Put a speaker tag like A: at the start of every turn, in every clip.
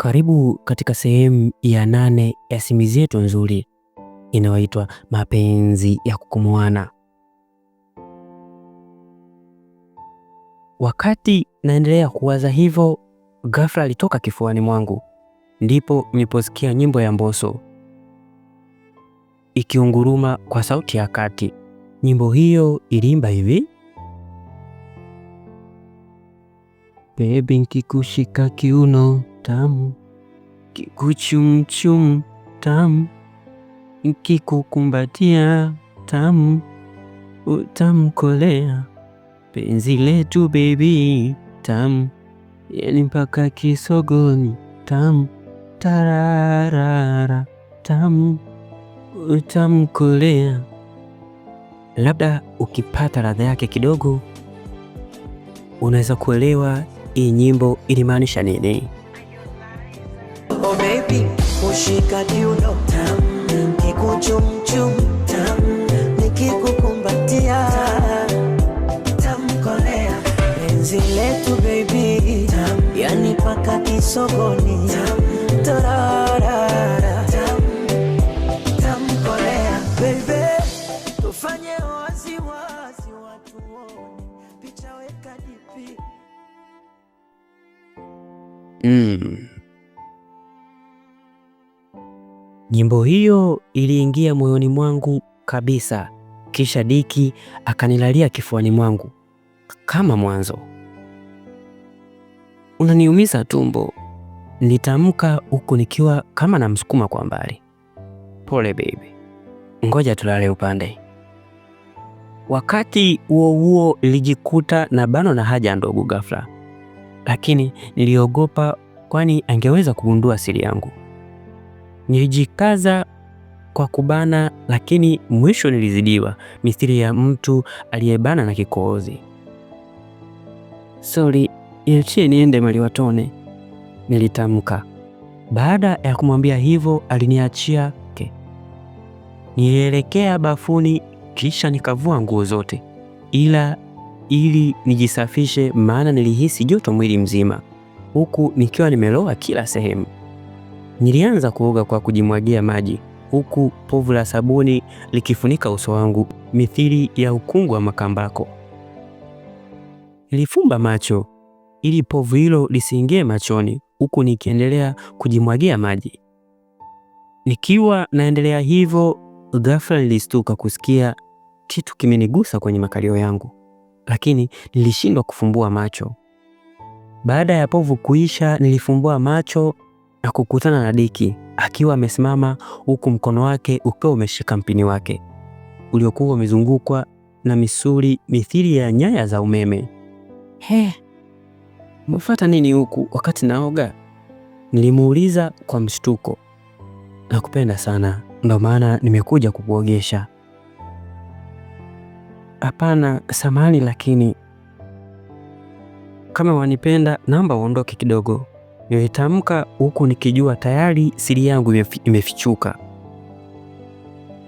A: Karibu katika sehemu ya nane ya simulizi yetu nzuri inayoitwa mapenzi ya kukomoana. Wakati naendelea kuwaza hivyo, ghafla alitoka kifuani mwangu, ndipo niliposikia nyimbo ya Mbosso ikiunguruma kwa sauti ya kati. Nyimbo hiyo iliimba hivi:
B: Baby, nkikushika kiuno tamu, kikuchumchum tamu, kikukumbatia tamu, utamkolea penzi letu bebi tamu, yani mpaka kisogoni tamu, tararara tamu, utamkolea.
A: Labda ukipata ladha yake kidogo unaweza kuelewa hii nyimbo ilimaanisha nini. Nikikushika kiuno kikuchumchum tam, nikikukumbatia tam, kolea penzi letu baby yani paka kisogoni tam, tarara tam, watu Mm. Nyimbo hiyo iliingia moyoni mwangu kabisa, kisha Diki akanilalia kifuani mwangu kama mwanzo. Unaniumiza tumbo, nitamka huku nikiwa kama namsukuma kwa mbali. Pole baby, ngoja tulale upande. Wakati huo huo nilijikuta na bano na haja ndogo ghafla, lakini niliogopa, kwani angeweza kugundua siri yangu. Nilijikaza kwa kubana, lakini mwisho nilizidiwa, mithili ya mtu aliyebana na kikohozi. Sori, niachie niende Maliwatone, nilitamka. Baada ya kumwambia hivyo, aliniachia ke. Nilielekea bafuni, kisha nikavua nguo zote, ila ili nijisafishe, maana nilihisi joto mwili mzima, huku nikiwa nimeloa kila sehemu. Nilianza kuoga kwa kujimwagia maji huku povu la sabuni likifunika uso wangu mithili ya ukungu wa makambako. Nilifumba macho ili povu hilo lisiingie machoni, huku nikiendelea kujimwagia maji. Nikiwa naendelea hivyo, ghafla nilistuka kusikia kitu kimenigusa kwenye makalio yangu, lakini nilishindwa kufumbua macho. Baada ya povu kuisha, nilifumbua macho na kukutana na diki akiwa amesimama huku mkono wake ukiwa umeshika mpini wake uliokuwa umezungukwa na misuli mithili ya nyaya za umeme. He, umefata nini huku wakati naoga? Nilimuuliza kwa mshtuko. Nakupenda sana, ndo maana nimekuja kukuogesha. Hapana, samani lakini kama wanipenda, naomba uondoke kidogo, Nilitamka huku nikijua tayari siri yangu imefichuka.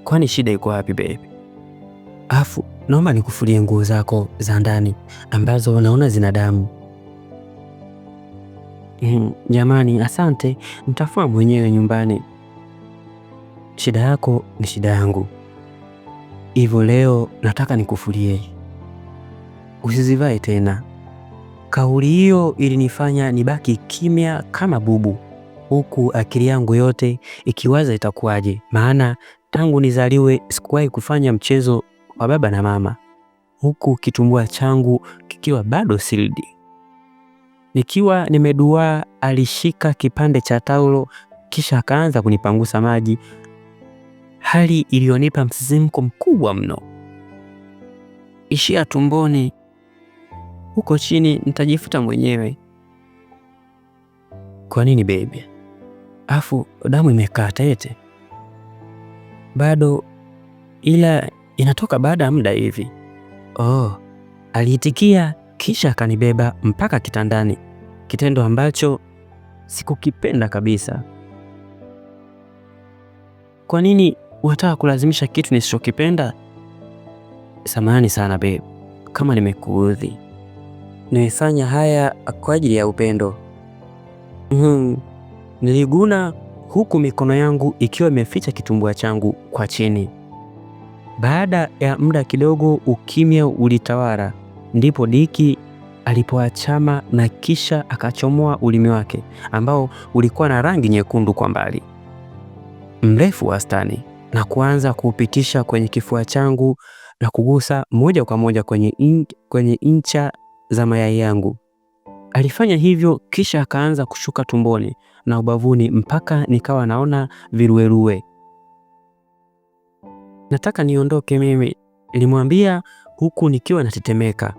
A: Kwani shida iko wapi baby? Afu naomba nikufulie nguo zako za ndani ambazo naona zina damu. Hmm, jamani, asante, nitafua mwenyewe nyumbani. Shida yako ni shida yangu, hivyo leo nataka nikufulie, usizivae tena. Kauli hiyo ilinifanya nibaki kimya kama bubu, huku akili yangu yote ikiwaza itakuwaje, maana tangu nizaliwe sikuwahi kufanya mchezo wa baba na mama, huku kitumbua changu kikiwa bado sildi. Nikiwa nimeduaa, alishika kipande cha taulo kisha akaanza kunipangusa maji, hali iliyonipa msisimko mkubwa mno. Ishia tumboni huko chini nitajifuta mwenyewe. Kwa nini baby? Afu damu imekaa tete bado, ila inatoka baada ya muda hivi. Oh, aliitikia kisha akanibeba mpaka kitandani, kitendo ambacho sikukipenda kabisa. Kwa nini unataka kulazimisha kitu nisichokipenda? Samahani sana babe kama nimekuudhi nimefanya haya kwa ajili ya upendo. Hmm. Niliguna huku mikono yangu ikiwa imeficha kitumbua changu kwa chini. Baada ya muda kidogo, ukimya ulitawala, ndipo Diki alipoachama na kisha akachomoa ulimi wake ambao ulikuwa na rangi nyekundu kwa mbali, mrefu wastani, na kuanza kuupitisha kwenye kifua changu na kugusa moja kwa moja kwenye, in, kwenye incha za mayai yangu. Alifanya hivyo kisha akaanza kushuka tumboni na ubavuni mpaka nikawa naona viruerue. Nataka niondoke mimi, nilimwambia huku nikiwa natetemeka.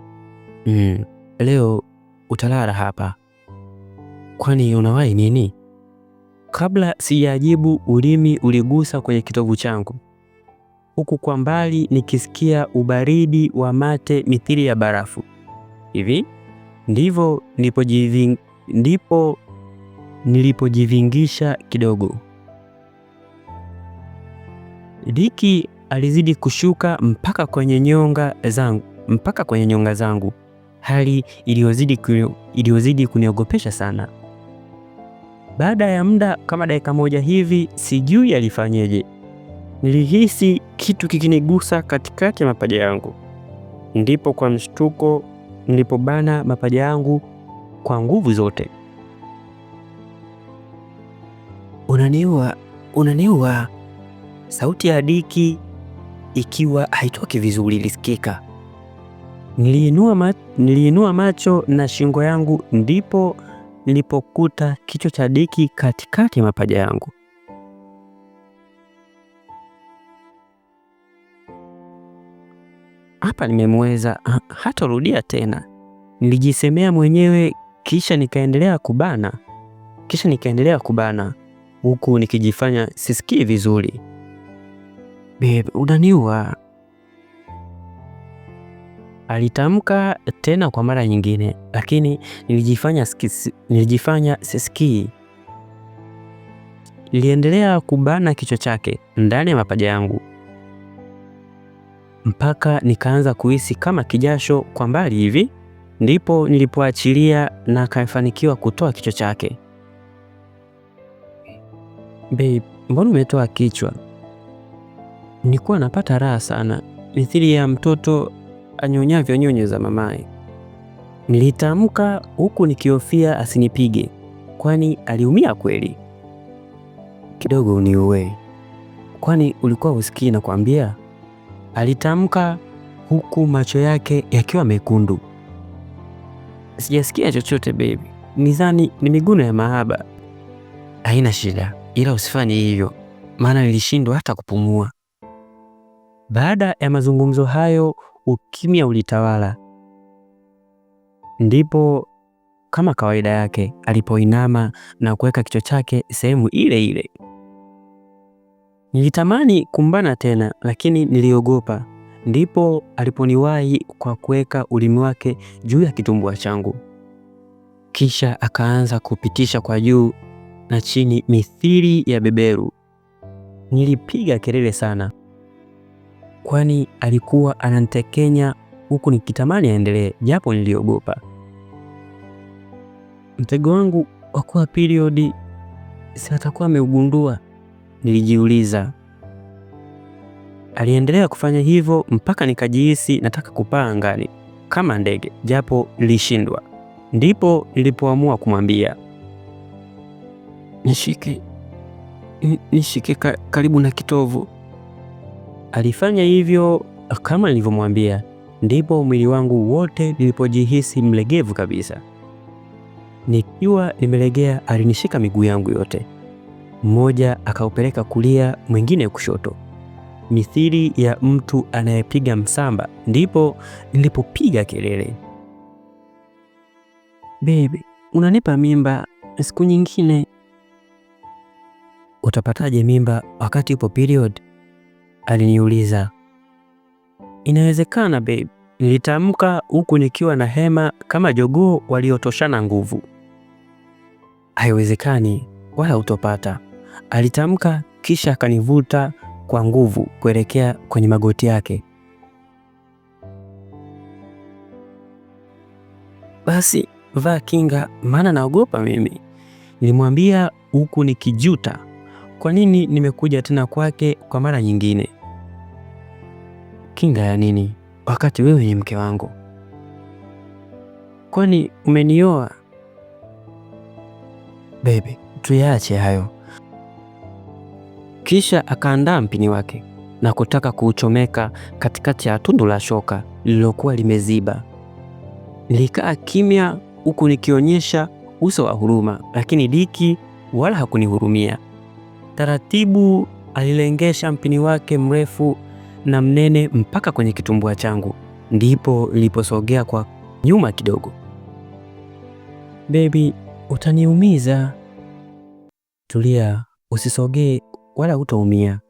A: Mm, leo utalala hapa. Kwani unawahi nini? Kabla sijajibu, ulimi uligusa kwenye kitovu changu, huku kwa mbali nikisikia ubaridi wa mate mithili ya barafu. Hivi ndivyo nilipojiving, ndipo nilipojivingisha kidogo. Diki alizidi kushuka mpaka kwenye nyonga zangu, mpaka kwenye nyonga zangu, hali iliyozidi iliyozidi kuniogopesha sana. Baada ya muda kama dakika moja hivi, sijui alifanyeje, nilihisi kitu kikinigusa katikati ya mapaja yangu, ndipo kwa mshtuko nilipobana mapaja yangu kwa nguvu zote. Unaniua, unaniua! Sauti ya Adiki ikiwa haitoki vizuri ilisikika. Niliinua ma, niliinua macho na shingo yangu ndipo nilipokuta kichwa cha Adiki katikati ya mapaja yangu. hapa nimemweza, ah, hatarudia tena, nilijisemea mwenyewe, kisha nikaendelea kubana, kisha nikaendelea kubana huku nikijifanya sisikii vizuri. Babe, unaniua, alitamka tena kwa mara nyingine, lakini nilijifanya sikisi, nilijifanya sisikii. Niliendelea kubana kichwa chake ndani ya mapaja yangu mpaka nikaanza kuhisi kama kijasho kwa mbali hivi, ndipo nilipoachilia na akafanikiwa kutoa kichwa chake. Babe, mbona umetoa kichwa? Nilikuwa napata raha sana, mithili ya mtoto anyonyavyo nyonyo za mamaye. Nilitamka huku nikihofia asinipige, kwani aliumia kweli. Kidogo uniue, kwani ulikuwa usikii kuambia alitamka huku macho yake yakiwa mekundu. Sijasikia chochote baby, nidhani ni miguno ya mahaba. Haina shida, ila usifanye hivyo, maana nilishindwa hata kupumua. Baada ya mazungumzo hayo, ukimya ulitawala. Ndipo kama kawaida yake alipoinama na kuweka kichwa chake sehemu ile ile. Nilitamani kumbana tena, lakini niliogopa. Ndipo aliponiwahi kwa kuweka ulimi wake juu ya kitumbua changu, kisha akaanza kupitisha kwa juu na chini mithili ya beberu. Nilipiga kelele sana, kwani alikuwa ananitekenya huku nikitamani aendelee, japo niliogopa. Mtego wangu wa kuwa periodi si atakuwa ameugundua nilijiuliza. Aliendelea kufanya hivyo mpaka nikajihisi nataka kupaa angani kama ndege, japo nilishindwa. Ndipo nilipoamua kumwambia nishike, nishike ka, karibu na kitovu. Alifanya hivyo kama nilivyomwambia, ndipo mwili wangu wote nilipojihisi mlegevu kabisa. Nikiwa nimelegea, alinishika miguu yangu yote mmoja akaupeleka kulia, mwingine kushoto, mithili ya mtu anayepiga msamba. Ndipo nilipopiga kelele, Bebe, unanipa mimba siku nyingine. Utapataje mimba wakati upo period? aliniuliza. Inawezekana bebe, nilitamka huku nikiwa na hema kama jogoo waliotoshana nguvu. Haiwezekani, wala utopata alitamka, kisha akanivuta kwa nguvu kuelekea kwenye magoti yake. Basi vaa kinga, maana naogopa mimi, nilimwambia huku nikijuta kwa nini nimekuja tena kwake kwa mara nyingine. Kinga ya nini wakati wewe ni mke wangu? Kwani umenioa? Bebe, tuyaache hayo. Kisha akaandaa mpini wake na kutaka kuuchomeka katikati ya tundu la shoka lililokuwa limeziba. Nilikaa kimya huku nikionyesha uso wa huruma, lakini Diki wala hakunihurumia. Taratibu alilengesha mpini wake mrefu na mnene mpaka kwenye kitumbua changu, ndipo niliposogea kwa nyuma kidogo. Bebi, utaniumiza. Tulia, usisogee wala hutaumia,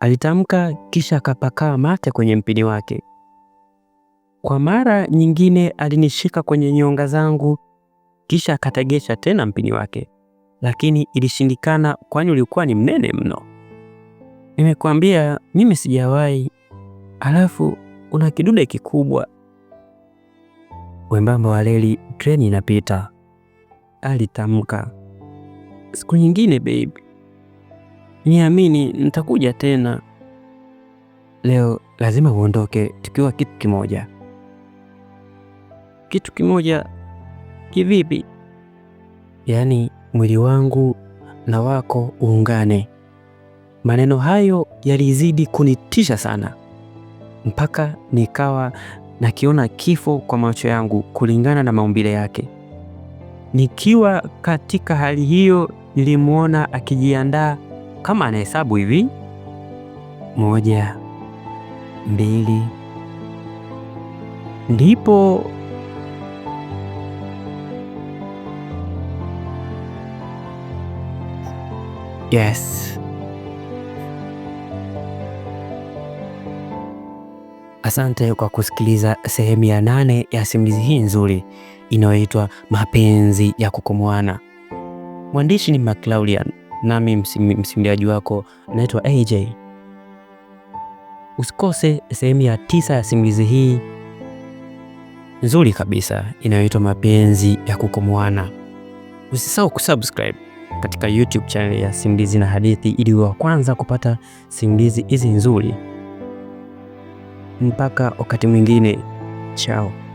A: alitamka, kisha akapakaa mate kwenye mpini wake. Kwa mara nyingine alinishika kwenye nyonga zangu, kisha akategesha tena mpini wake, lakini ilishindikana, kwani ulikuwa ni mnene mno. Nimekuambia mimi sijawahi, alafu una kidude kikubwa wembamba wa reli, treni inapita, alitamka. Siku nyingine baby niamini, nitakuja tena. Leo lazima uondoke tukiwa kitu kimoja. Kitu kimoja kivipi? Yaani mwili wangu na wako uungane. Maneno hayo yalizidi kunitisha sana, mpaka nikawa nakiona kifo kwa macho yangu kulingana na maumbile yake. Nikiwa katika hali hiyo, nilimwona akijiandaa kama anahesabu hivi: moja, mbili. Ndipo yes. Asante kwa kusikiliza sehemu ya nane ya simulizi hii nzuri inayoitwa Mapenzi ya Kukomoana. Mwandishi ni Maclaulian nami msimuliaji wako naitwa AJ. Usikose sehemu ya tisa ya simulizi hii nzuri kabisa inayoitwa Mapenzi ya Kukomoana. Usisahau kusubscribe katika YouTube channel ya Simulizi na Hadithi ili wa kwanza kupata simulizi hizi nzuri. Mpaka wakati mwingine, chao.